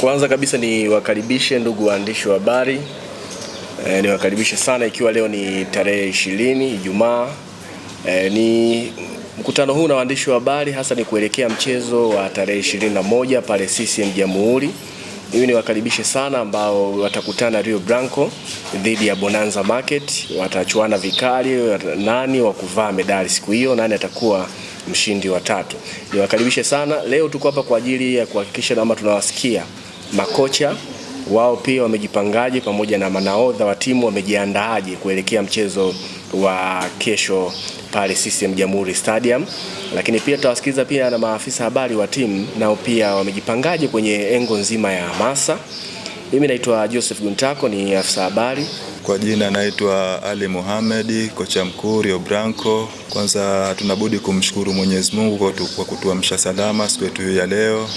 Kwanza kabisa niwakaribishe ndugu waandishi wa habari e, eh, niwakaribishe sana ikiwa leo ni tarehe ishirini Ijumaa e, ni mkutano huu na waandishi wa habari hasa ni kuelekea mchezo wa tarehe ishirini na moja pale CCM Jamhuri. Mimi niwakaribishe sana ambao watakutana Rio Branco dhidi ya Bonanza Market, watachuana vikali nani wa kuvaa medali siku hiyo, nani atakuwa mshindi wa tatu. Niwakaribishe sana leo, tuko hapa kwa ajili ya kuhakikisha kwamba tunawasikia makocha wao pia wamejipangaje, pamoja na manaodha wa timu wamejiandaaje kuelekea mchezo wa kesho pale CCM Jamhuri Stadium. Lakini pia tutawasikiliza pia na maafisa habari wa timu nao pia wamejipangaje kwenye engo nzima ya hamasa. Mimi naitwa Joseph Guntako, ni afisa habari. Kwa jina naitwa Ali Mohamed, kocha mkuu Rio Branco. Kwanza tunabudi kumshukuru Mwenyezi Mungu kwa kutuamsha salama siku yetu ya leo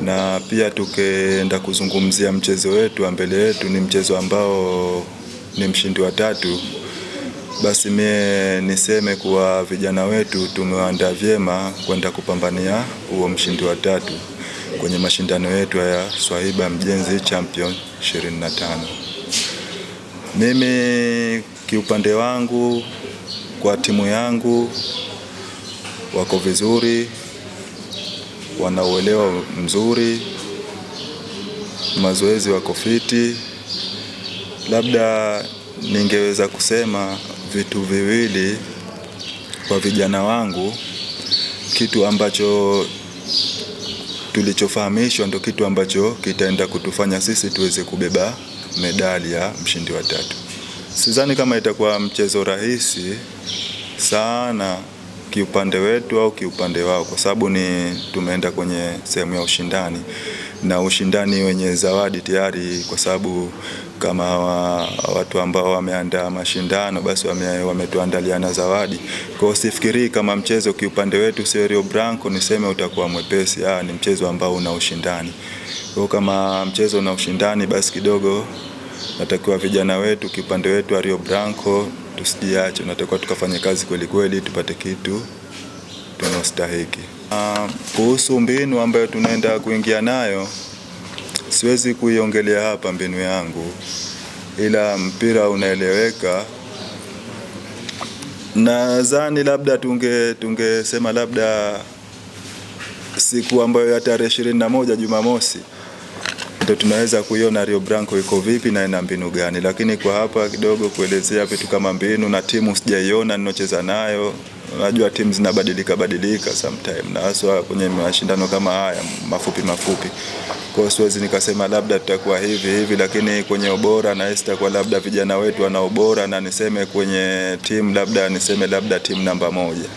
na pia tukienda kuzungumzia mchezo wetu wa mbele yetu, ni mchezo ambao ni mshindi wa tatu, basi mie niseme kuwa vijana wetu tumewaandaa vyema kwenda kupambania huo mshindi wa tatu kwenye mashindano yetu ya Swahiba Mjenzi Champion 25. Mimi kiupande wangu kwa timu yangu wako vizuri wanauelewa mzuri, mazoezi wako fiti. Labda ningeweza kusema vitu viwili kwa vijana wangu, kitu ambacho tulichofahamishwa ndo kitu ambacho kitaenda kutufanya sisi tuweze kubeba medali ya mshindi wa tatu. Sidhani kama itakuwa mchezo rahisi sana kiupande wetu au kiupande wao, kwa sababu ni tumeenda kwenye sehemu ya ushindani na ushindani wenye zawadi tayari, kwa sababu kama wa, watu ambao wameandaa mashindano basi wametuandalia na zawadi. Kwa hiyo kama mchezo kiupande wetu sio Rio Branco niseme utakuwa mwepesi. Ah, ni mchezo ambao una ushindani. Kwa hiyo kama mchezo una ushindani, basi kidogo natakiwa vijana wetu kiupande wetu wa Rio Branco tusijiache, unatakiwa tukafanye kazi kweli kweli, tupate kitu tunastahiki. Uh, kuhusu mbinu ambayo tunaenda kuingia nayo, siwezi kuiongelea hapa mbinu yangu, ila mpira unaeleweka. Nadhani labda tunge tungesema labda siku ambayo ya tarehe ishirini na moja Jumamosi ndio tunaweza kuiona Rio Branco iko vipi na ina mbinu gani. Lakini kwa hapa kidogo kuelezea vitu kama mbinu na timu sijaiona ninocheza nayo. Unajua timu zinabadilika badilika sometime, na haswa kwenye mashindano kama haya mafupi mafupi. Kwa hiyo siwezi nikasema labda tutakuwa hivi hivi, lakini kwenye ubora na hisi kwa labda vijana wetu wana ubora, na niseme kwenye timu labda niseme labda timu namba moja.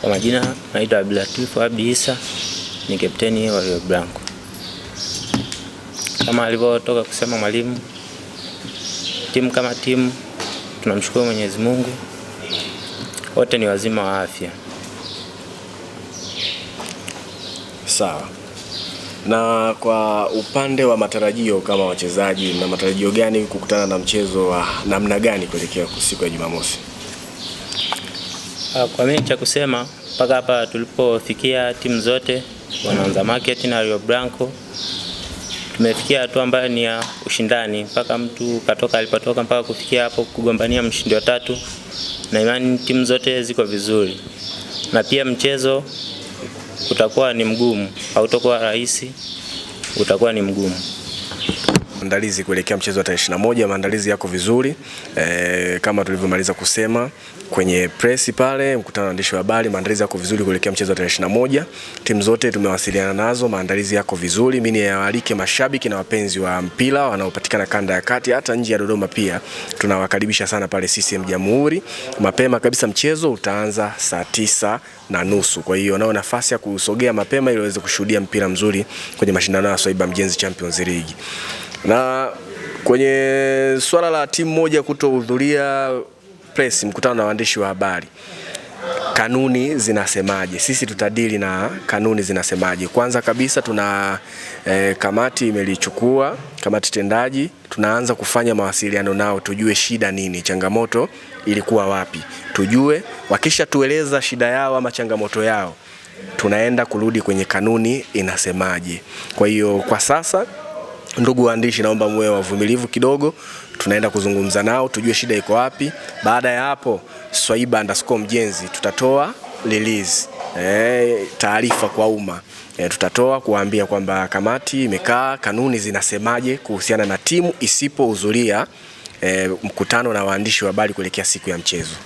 Kwa majina naitwa Abdulatif Abdi Isa, ni kapteni wa Rio Branco kama alivyotoka kusema mwalimu, timu kama timu tunamshukuru Mwenyezi Mungu, wote ni wazima wa afya. Sawa. Na kwa upande wa matarajio kama wachezaji, na matarajio gani kukutana na mchezo wa namna gani kuelekea siku ya Jumamosi? Ah, kwa mimi cha kusema mpaka hapa tulipofikia, timu zote Bonanza Market na Rio Blanco tumefikia hatua ambayo ni ya ushindani, mpaka mtu katoka alipotoka mpaka kufikia hapo kugombania mshindi wa tatu, na imani timu zote ziko vizuri, na pia mchezo utakuwa ni mgumu, hautakuwa rahisi, utakuwa ni mgumu. Maandalizi kuelekea mchezo wa tarehe 21, maandalizi yako vizuri e, kama tulivyomaliza kusema kwenye press pale, mkutano wa waandishi wa habari, maandalizi yako vizuri kuelekea mchezo wa tarehe 21. Timu zote tumewasiliana nazo, maandalizi yako vizuri. Mimi niwaalike mashabiki na wapenzi wa mpira wanaopatikana kanda ya kati, hata nje ya Dodoma pia tunawakaribisha sana pale CCM Jamhuri. Mapema kabisa, mchezo utaanza saa tisa na nusu. Kwa hiyo nao nafasi ya kusogea mapema ili waweze kushuhudia mpira mzuri kwenye mashindano ya Swaiba Mjenzi Champions League. Na kwenye swala la timu moja kutohudhuria press, mkutano na waandishi wa habari, kanuni zinasemaje? Sisi tutadili na kanuni zinasemaje. Kwanza kabisa tuna eh, kamati imelichukua kamati tendaji, tunaanza kufanya mawasiliano nao, tujue shida nini, changamoto ilikuwa wapi, tujue. Wakishatueleza shida yao ama changamoto yao, tunaenda kurudi kwenye kanuni inasemaje. Kwa hiyo kwa sasa Ndugu waandishi, naomba muwe wavumilivu kidogo, tunaenda kuzungumza nao tujue shida iko wapi. Baada ya hapo, Swaiba underscore mjenzi tutatoa release e, taarifa kwa umma e, tutatoa kuwaambia kwamba kamati imekaa, kanuni zinasemaje kuhusiana na timu isipohudhuria e, mkutano na waandishi wa habari kuelekea siku ya mchezo.